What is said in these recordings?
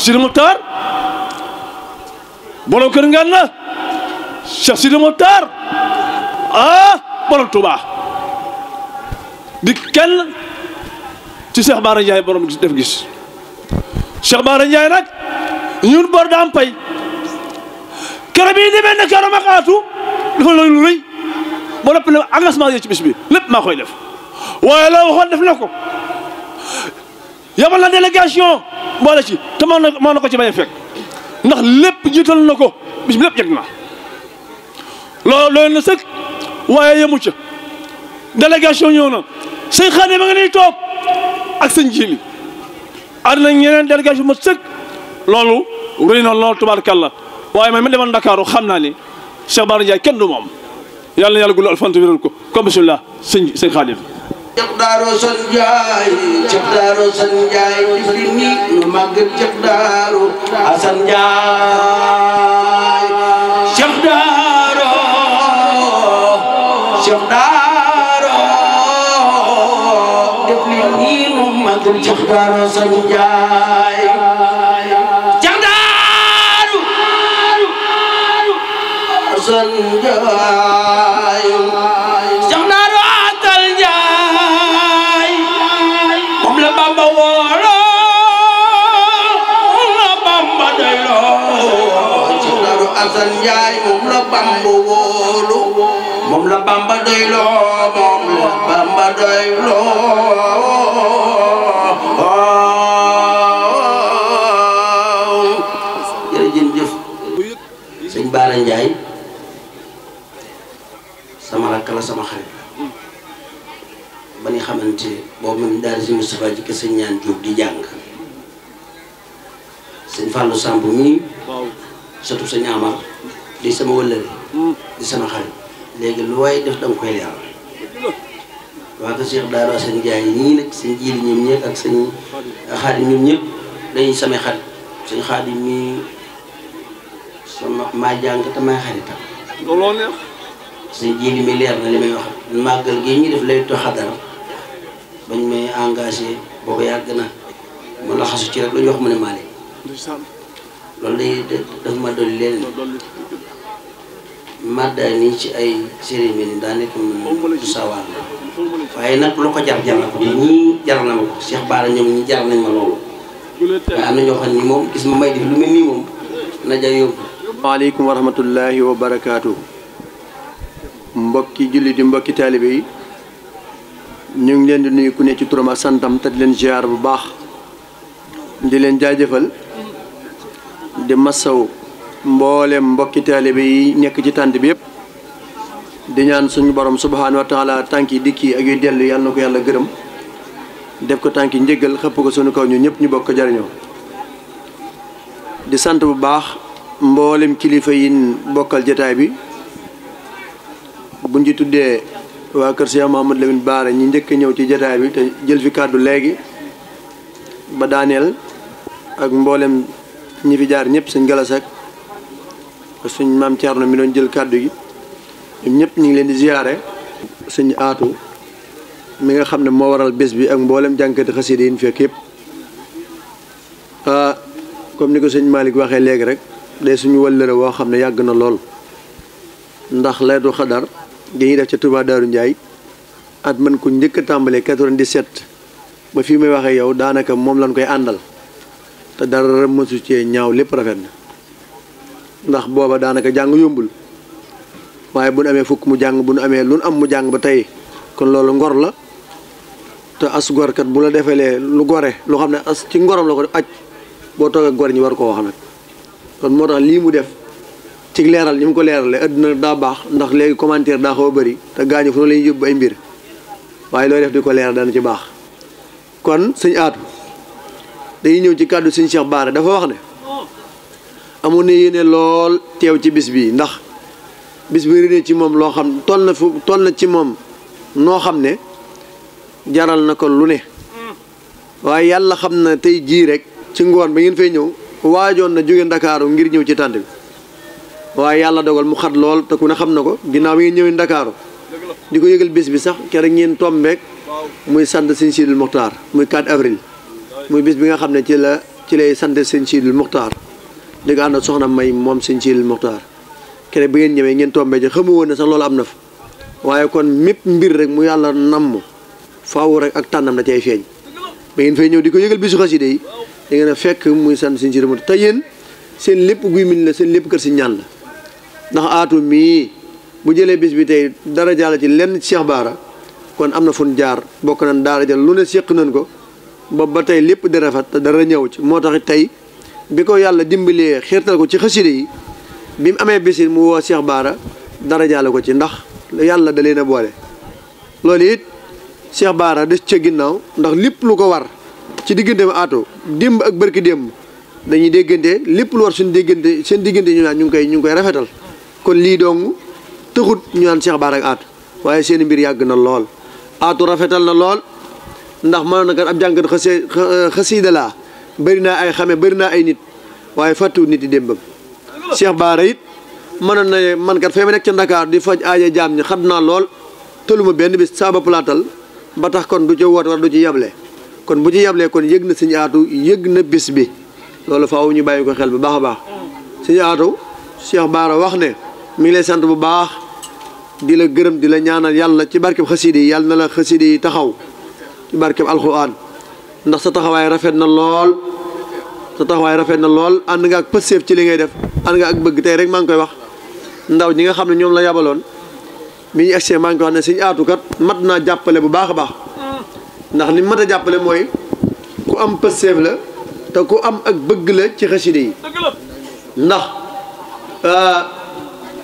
Sidi Mokhtar borom kër Ngana Cheikh Sidi Mokhtar ah borom Touba di kenn ci Cheikh Bara Ndiaye borom def gis Cheikh Bara Ndiaye nag ñun bor daam pay keroog yi demee na keroog ak aatu dafa looy lu rëy ba noppi ne engagement yi bi lépp maa koy def waaye la waxoon def na yabal na délégation boole ci te na mën na ko ci bañ a fekk ndax lépp jiital na ko bis bi lépp yegg na loolu loolu na sëkk waaye yemu ca délégation ñëw na sëñ Xaadim ma nga nii toog ak sëñ Jili ànd nañ délégation ma sëkk loolu rëy na loolu tubaarkàlla waaye man mi demal ndakaaru xam naa ni Cheikh Bara Ndiaye kenn du moom yàlla na yàlla guddal fan wéral ko comme bisimilah sëñ Xaadim daaru san njaay tifli ni nu màgg ceex daaru asan njaay ceex daaru ceex daaru tifli ni nu màgg ceex daaru san njaay ceex daaru asan njaay Bambu wóolu moom la Bamba doyloo moom la Bamba doyloo jërëjëf sëñ Baara Njaay sama rakk la sama xarit ba ni xamante boobu man daal si Moustapha jikko sëñ ñaan Jóob di jàng sëñ Fallou Samb mii surtout sëñ Amar di sama wëllëre hmm. di sama xarit léegi lu waaye def danga koy leeral waa ko Cheikh Daara seen jaay yi ñii nag seen jiili ñoom ñëpp ak seen xaadim ñoom ñëpp dañuy samay xarit seen xaadim mi sama maa jàng te may xaritam looloo neex seen jiili mi leer na li may wax màggal gi ñu def laytu xadara bañ may engagé boobu yàgg na ma laxasu ci rek lu ñu wax mu ne maa leen loolu day daf ma dolli leen ni ci ay serigne ni ni daanaka mu sawal waye nak lu ko jar jar ko ni jar na ma ko Cheikh bala ñom ni jar nañ ma lolu am na ñoo xam ni mom gis ma may def lu mel nii moom na yob wa alaykum wa rahmatullahi wa barakatuh mbokki julli di mbokki taalibe yi ñu ngi leen di nuyu ku ne ci turuma santam ta di leen ziar bu baax di leen jaajeufal di massaw mboolem mbokki talibé yi nek ci tànt bi yépp di ñaan suñu borom subhanahu wa taala tanki dikki ak yu delu yalla nako yalla yàlla def ko tanki njëggal xëpp ko suñu kaw ñu ñëpp ñu bokk jarño di sant bu baax kilifa yi bokkal jotaay bi buñ ci tuddee waa kër Cheikh mohammed lewin Bara ñi njëkk ñew ci jotaay bi té jël fi cadeau légui ba Daniel ak mboolem ñi fi jaar ñëpp suñu galas ak suñ maam na mi doon jël kàddu gi ñoom ñëpp ñu ngi leen di ziyaare suñ aatu mi nga xam ne moo waral bés bi ak mboolem jànkati xasida yi nu fekk yëpp ah, comme ni ko sëñ Malick waxee léegi rek day suñu wëllëre woo xam ne yàgg na lool ndax laytu xadar gi ñuy def ca Touba Darou Ndiaye at man ko njëkk a tàmbalee 97 ba fii may waxee yow daanaka moom lañ koy àndal te dara mësu cee ñaaw lépp rafet ndax booba daanaka jàng yombul waaye bu nu amee fukk mu jàng bu nu amee lu nu am mu jàng ba tey kon loolu ngor la te as gorkat bu la defelee lu gore lu xam ne as ci ngorom la ko def aj boo toog ak ñi war koo wax nag kon moo tax lii mu def ci leeral ñu mu ko leeralee àdduna daa baax ndax léegi commentaire daa xaw bari te gaañu fu ne la ñuy yóbbu ay mbir waaye looy def di ko leeral dana ci baax kon sëñ aatu dañuy ñëw ci kàddu sëñ Cheikh Baara dafa wax ne amoon na yéene lool teew ci bis bi ndax bis bi réne ci moom loo xam toll na fu toll na ci moom noo xam ne jaral na ko lu ne waaye yàlla xam na tey jii rek ci ngoon ba ngeen fay ñëw waajoon na jóge ndakaaru ngir ñëw ci tànt bi waaye yàlla dogal mu xat lool te ku ne xam na ko ginnaaw bi ngeen ñëwee ndakaaru di ko yëgal bis bi sax keroog ngeen tombeek muy sant sëñ Sidil Muxtaar muy 4 avril muy bis bi nga xam ne ci la ci lay sant sëñ Sidil Muxtaar di soxna May moom sëñ Siil Muxtaar kene bu ngeen ñëwee ngeen tombee ji xamu woon ne sax loolu am na fa waaye kon mépp mbir rek mu yàlla namm faaw rek ak tànnam da cay feeñ ba ngeen fay ñëw di ko yëgal bisu xasida yi da ngeen a fekk muy sant sëñ Siil Muxtaar te yéen seen lépp guy la seen lépp kër si ñaan ndax aatu mii bu jëlee bis bi tey dara jàll ci lenn Cheikh Baara kon am na fu jaar bokk nañ daara jàll lu ne séq nañ ko ba ba tey lépp di rafet te dara ñëw ci moo tax tey bi ko yàlla dimbalee xiirtal ko ci xasida yi bi mu amee bisin mu woo Cheikh Baara dara jaale ko ci ndax yàlla da leen a boole loolu it Cheikh Baara des ca ginnaaw ndax lépp lu ko war ci diggante mu aato démb ak bërki démb dañuy déggante lépp lu war déggante seen diggante ñu naan ñu ngi koy ñu ngi koy rafetal kon lii dong tëxut ñu naan Cheikh Baara ak aatu waaye seen mbir yàgg na lool aatu rafetal na lool ndax ma na kat ab jàngat xasee xasiida laa bëri naa ay xame bëri naa ay nit waaye fàttuwut nit yi démbam Cheikh Baara it mënoon na man kat fee ma nekk ca Ndakaar di faj aaja jaam ñi xam naa lool tëluma benn bis saaba platal ba tax kon du ci woote war du ci yable kon bu ci yablee kon yëg na suñu yëg na bis bi loolu faaw ñu bàyyi ko xel bu baax a baax suñu aatu Cheikh Baara wax ne mi ngi lay sant bu baax di la gërëm di la ñaanal yàlla ci barkeb xaside yi yàlla na la xaside yi taxaw ci barkeb alxuraan ndax sa taxaway rafet na lol sa taxaway rafet na lol and nga ak pëseef ci li ngay def and nga ak bëgg tay rek mang ngi koy wax ndaw ñi nga xamne ñom la yabalon mi ñi egsee maa ngi koy wax señ suñu kat mat na jappalé bu baaxa baax ndax ni mat jappalé moy ku am pëseef la te ku am ak bëgg la ci xaside ndax euh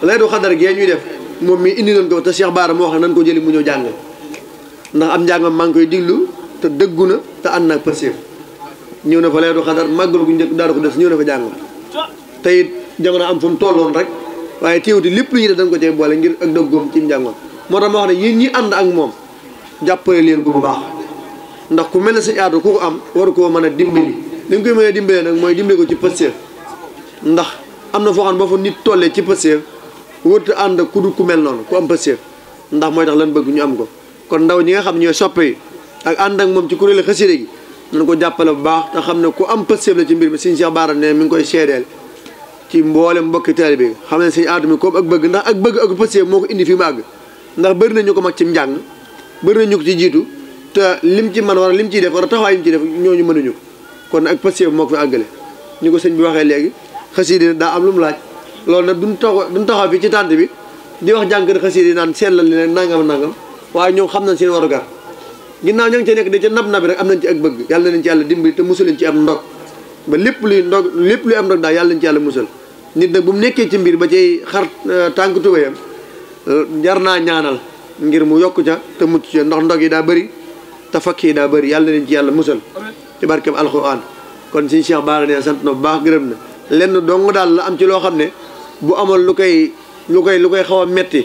lay do xadar ge ñuy def mom mi indi doon ko te Cheikh Baara mo wax nañ ko jëli mu ñu jàng ndax am njàngam maa ngi koy diglu te degguna te ànd nak pasif ñëw na fa leeru xadar màggalu bu njëkk daara ko def ñëw na fa jang te it jamono am fu mu tolloon rek waye teewuti lepp lu ñuy def dañ ko cee boole ngir ak dëggoom ci njàngoon moo ma wax ne yeen ñi and ak mom jappale leen bu baax ndax ku melni ne sëñ ku ko am war ko meuna dimbali li ngui meuna mën nak moy nag ko ci pasif ndax amna na foo xam ba fa nit tolle ci pasif wut and ku du ku mel non ku am pasif ndax moy tax lan bëgg ñu am ko kon ndaw ñi nga xam ñoy soppey ak ànd ak moom ci kuréelu xasida gi nañ ko jàppale bu baax te xam ne ku am pëstéef la ci mbir mi sëñ Cheikh Bara ne mi ngi koy seedeel ci mboole mbokki taalibe bi xam ne sëñ aatu mi koom ak bëgg ndax ak bëgg ak pëstéef moo ko indi fi ndax bëri na ñu ko mag ci njàng bëri na ñu ko ci jiitu te lim ci man wala lim ciy def wala taxawaay lim ciy def ñooñu mënuñu ko kon ak pëstéef moo ko fi ñu ko sëñ bi waxee léegi xasida daa am lu mu laaj loolu nag duñ taxaw duñ taxaw fii ci tànt bi di wax jànkër xasida naan seen la li nangam nangam waaye ñoom xam nañ seen warugar ginnaaw ña ngi nekk da ca nab nabi rek am nañ ci ak bëgg yàlla nañ ci yàlla dimbali te musul ci am ndog ba lépp luy ndog lépp luy am ndog daal yàlla nañ ci yàlla musal bu mu nekkee ci mbir ba cay xar euh, tànk tubéyam euh, jar naa ñaanal ngir mu yokk ca te mucc ca ndax ndog yi daa bëri te fakk yi daa bëri yàlla nañ ci yàlla musal ci barkeb alquran kon suñu Cheikh Bara ne sant na bu baax gërëm na lenn dong daal la am ci loo xam ne bu amoon lu koy lu koy lu koy xaw a metti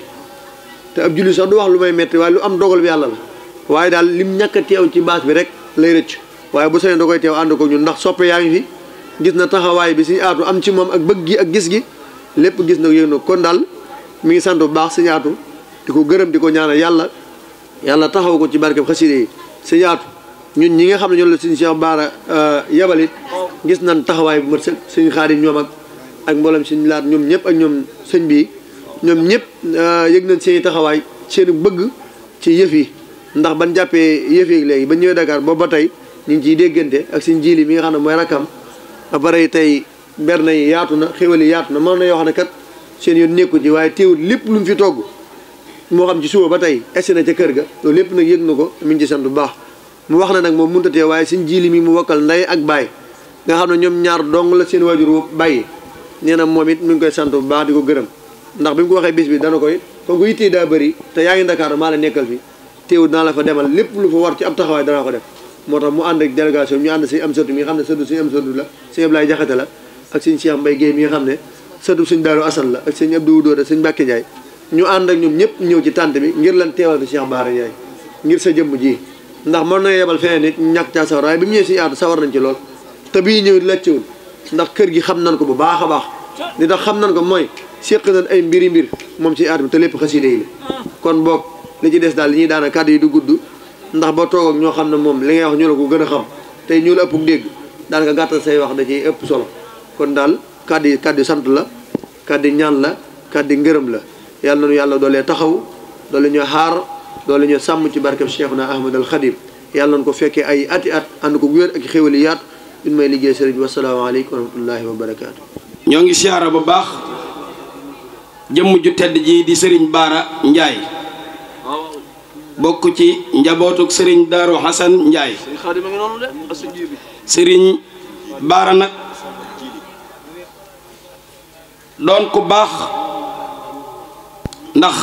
te ab julli sax du wax lu may metti waaye lu am dogal bi yàlla la waaye daal lim ñàkk teew ci baas bi rek lay rëcc waaye bu sañoon da koy teew ànd ko ñun ndax soppe yaa ngi fi gis na taxawaay bi si aatu am ci moom ak bëgg gi ak gis gi lépp gis na yéen kon daal mi ngi sant bu baax suñu di ko gërëm di ko ñaanal yàlla yàlla taxaw ko ci barkeb xaside ñun ñi nga xam ne ñoom la suñu Cheikh Baara euh, yabalit gis nañ taxawaay bu mat sëkk suñu xaarit ñoom ak ak mboolem suñu laat ñoom ñëpp ak ñoom sëñ bi ñoom ñëpp euh, yëg nañ seen taxawaay seen bëgg ci yëf yi ndax ban jàppee yëf yi ba ñëwee dakaar boobu ba tey ñu ngi ciy déggante ak suñ jiili mi nga xam ne mooy rakkam ba yi tey berne yi yaatu na xéwal yi yaatu na mën na yoo xam ne kat seen yoon nekku ci waaye teewul lépp lu mu fi togg moo xam ci suba ba tey egsi na ca kër ga loolu lépp nag yëg na ko mi ci sant bu baax mu wax na moom mënut a waaye suñ jiili mi mu wokkal ndey ak baay nga xam ne ñoom ñaar dong la seen waajur bàyyi nee na moom it mi ngi koy sant bu baax di ko gërëm ndax bi mu ko waxee bis bi dana koy kon ko yittee daa bëri te yaa ngi Dakar maa la nekkal fi teewul naa la fa demal lépp lu fa war ci ab taxawaay danaa ko def moo tax mu ànd ak délégation ñu ànd sëñ am sëtu mi nga xam ne sëtu sëñ am sëtu la ak sëñ Cheikh Mbaye nga xam ne sëtu sëñ Daaru Asan la ak sëñ Abdou Dóor ak sëñ Mbàkke Njaay ñu ànd ak ñoom ñëpp ñëw ci tànt bi ngir lan teewal fi Cheikh Baara Njaay ngir sa jëmm ji ndax mën na yebal feneen nit ñàkk caa sawar waaye bi mu ñëwee si aatu sawar nañ ci lool te bii ñëw laajtewul ndax kër gi xam nañ ko bu baax a baax di tax xam nañ ko mooy séq nañ ay mbiri mbir moom si aat bi te lépp xasida yi la kon boog li ci dess dal li ñuy daana kaddu yi du gudd ndax ba toog ak ñoo xam ne li ngay wax ñu la ko gëna xam tey ñu la ëpp dégg ya gàttal say wax da ci ëpp solo kon dal kaddu kaddu sant la kaddu ñaan la kaddu ngërëm la yalla yalla dole taxaw dole ñu haar dole ñu sam ci barke Cheikhuna Ahmad al Khadim yalla nañu ko fekke ay ati at and ko wér ak xéwal yi yaat ñun may liggéey wa salaamu alaykum wa rahmatullahi wa barakatuh ñoo ngi bu baax jëm ju tedd ji di Serigne Bara nyai bokku ci njabotuk serigne daru hasan njay serigne bara nak don ku bax ndax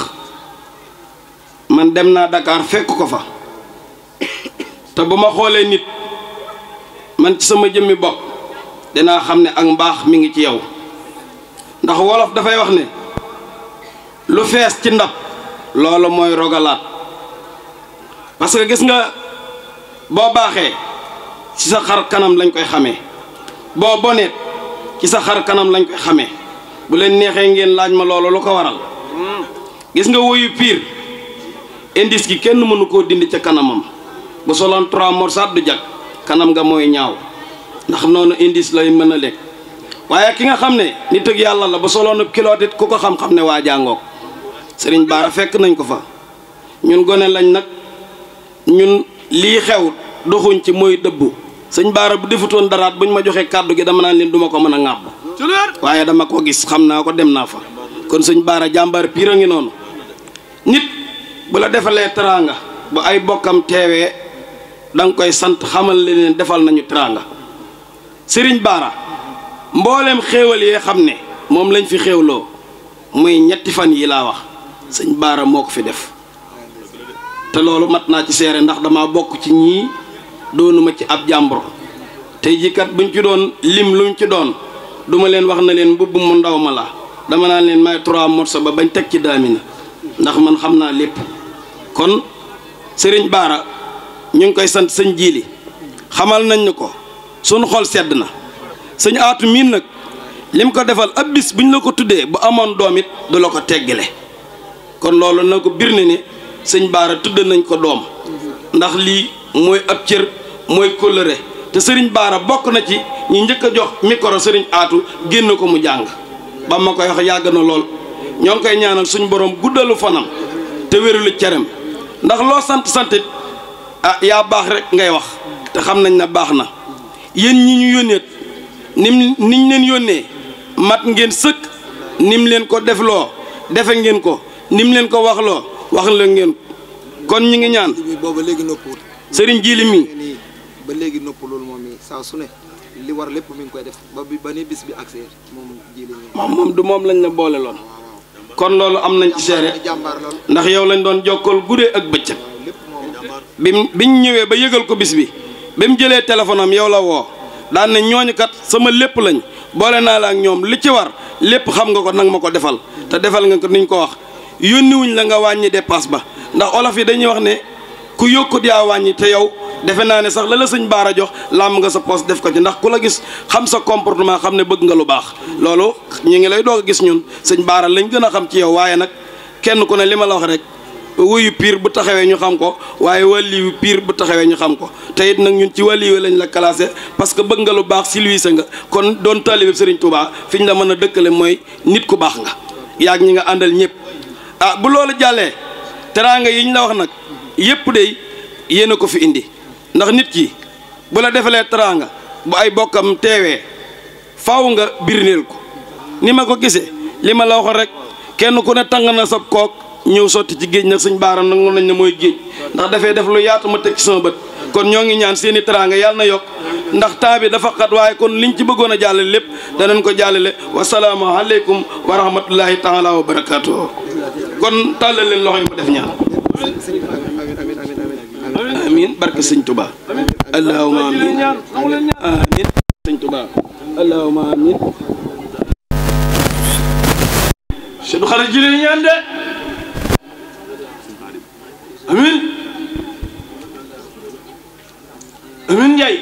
man dem Dakar fekk ko fa te buma xole nit man ci sama jëmmi bok dina xam ak mbaax mi ngi ci yow ndax wolof fay wax ne lu fess ci ndab lolo moy rogalat parce que gis nga bo baxé ci sa xar kanam lañ koy xamé bo boneet ci sa xar kanam lañ koy xamé bu len nexé ngeen laaj ma lolo lu ko waral gis nga woyu pire indice gi kenn mënu ko dindi ci kanamam bu solon 3 morsat du jak kanam nga moy ñaaw ndax nonu indice lay mëna lek waye ki nga xamné ne nit ak yàlla la solon kilo dit ku ko xam xamné ne jangok serigne bara fekk nañ ko fa ñun gone lañ nak ñun lii xew doxuñ ci mooy dëbb sëñ baara bu defutoon daraat buñ ma joxee kàddu gi dama naan leen duma ko mën a ŋàbb waaye dama ko gis xam naa ko dem naa fa kon sëñ baara jàmbaar piir a ngi noonu nit bu la defalee teraanga bu ay bokkam teewee da koy sant xamal leen defal nañu teraanga sëriñ baara mbooleem xéewal yee xam ne moom lañ fi xéewloo muy ñetti fan yi laa wax sëñ baara moo ko fi def te loolu mat naa ci seere ndax dama bokk ci ñii doonuma ci ab jàmbur tey jii kat buñ ci doon lim luñ ci doon duma leen wax na leen mbubb mu ndaw ma la dama naan leen may trois morceaux ba bañ teg ci daamina ndax man xam naa lépp kon sëriñ baara ñu ngi koy sant sëñ jiili xamal nañ ñu ko suñu xol sedd na sëñ aatu miin nag lim ko defal ab bis buñ la ko tuddee bu amoon doom it du la ko teggale kon loolu na ko bir ne sëñ Baara tudd nañ ko doom ndax lii mooy ab cër mooy kóllëre te sëriñ Baara bokk na ci ñu njëkk a jox micro sëriñ aatu génn ko mu jàng ba ma koy wax yàgg na lool ñoo ngi koy ñaanal suñ borom guddalu fanam te wérulu cerem ndax loo sant santit a ah, yaa baax rek ngay wax te xam nañ na baax na yéen ñi ñu yónneet nim niñ leen yónnee mat ngeen sëkk nim leen ko defloo defe ngeen ko nim leen ko wax waxloo wax la ngeen kon ñi ngi ñaan. booba léegi noppiwul. sëriñ Jili mi. ba legi noppiwul moom i saa su li war lepp mi ngi koy def ba bi ba bis bi accès mom Jili mom mom du mom lañ la bolé lool kon lool am nañ ci géré ndax yow lañ doon jokkol guddee ak bëccëg bim biñ ñëwé ba yëgal ko bis bi bim jëlé téléphone am yow la wo daan ne ñooñu kat sama lepp lañ bolé na la ak ñom li ci war lepp xam nga ko nak mako defal te defal nga ko niñ ko wax yónniwuñ la nga wàññi dépasse ba ndax olof yi dañuy wax ne ku yokkut yaa wàññi te yow defe naa ne sax lala la sëñ baara jox làmm nga sa poos def ko ci ndax ku la gis xam sa comportement xam ne bëgg nga lu baax loolu ñu ngi lay doo gis ñun sëñ baara lañ gën a xam ci yow waaye nag kenn ku ne li ma la wax rek wuyu piir bu taxawee ñu xam ko waaye wàlliwu piir bu taxawee ñu xam ko te it nag ñun ci wàlliwu lañ la classé parce que bëgg nga lu baax silwiise nga kon doon taalibe Sëriñ Tuubaa fi ñu la mën a dëkkale mooy nit ku baax nga yaag ñi nga àndal ñëpp a ah, bu loolu jàllee teraanga yi la wax nag yépp dey yéen a ko fi indi ndax nit ki bu la defalee teraanga bu ay bokkam teewee faaw nga birneel ko ni ma ko gisee li ma la waxoon rek kenn ku ne tàng na sab kook ñëw sotti ci géej nag suñ baaram nag nañ ne mooy géej ndax dafay def lu yaatu ma teg ci sama bët kon ñoo ngi ñaan seeni teranga yalla na yok ndax taabi dafa xat way kon liñ ci bëggona jallale lepp da nañ ko wa salaamu alaykum wa rahmatullahi taala wa barakatuh kon talal leen loxoy yi mu def ñaan amin barke sëñ Tuba Allahumma amin amin sëñ Tuba Allahumma amin sëñ xarit ji leen ñaan de amin amiin Njaay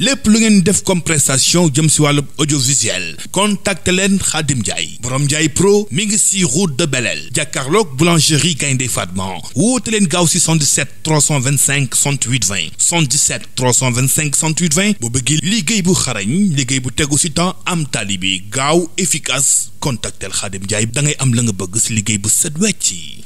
lépp lu ngeen def comme prestation jëm si wàllu audiovisuel contacte leen Khadim Ndiaye borom Ndiaye pro mi ngi si route de Belel jàkkaarloog boulangerie Gaynde Fatma wóote leen gaaw si 77 325 68 20 77 325 68 20 bu bëggee liggéey bu xarañ liggéey bu tegu si temps am tali bi gaaw efficace contactel Khadim Ndiaye da ngay am la nga bëgg si liggéey bu set wecc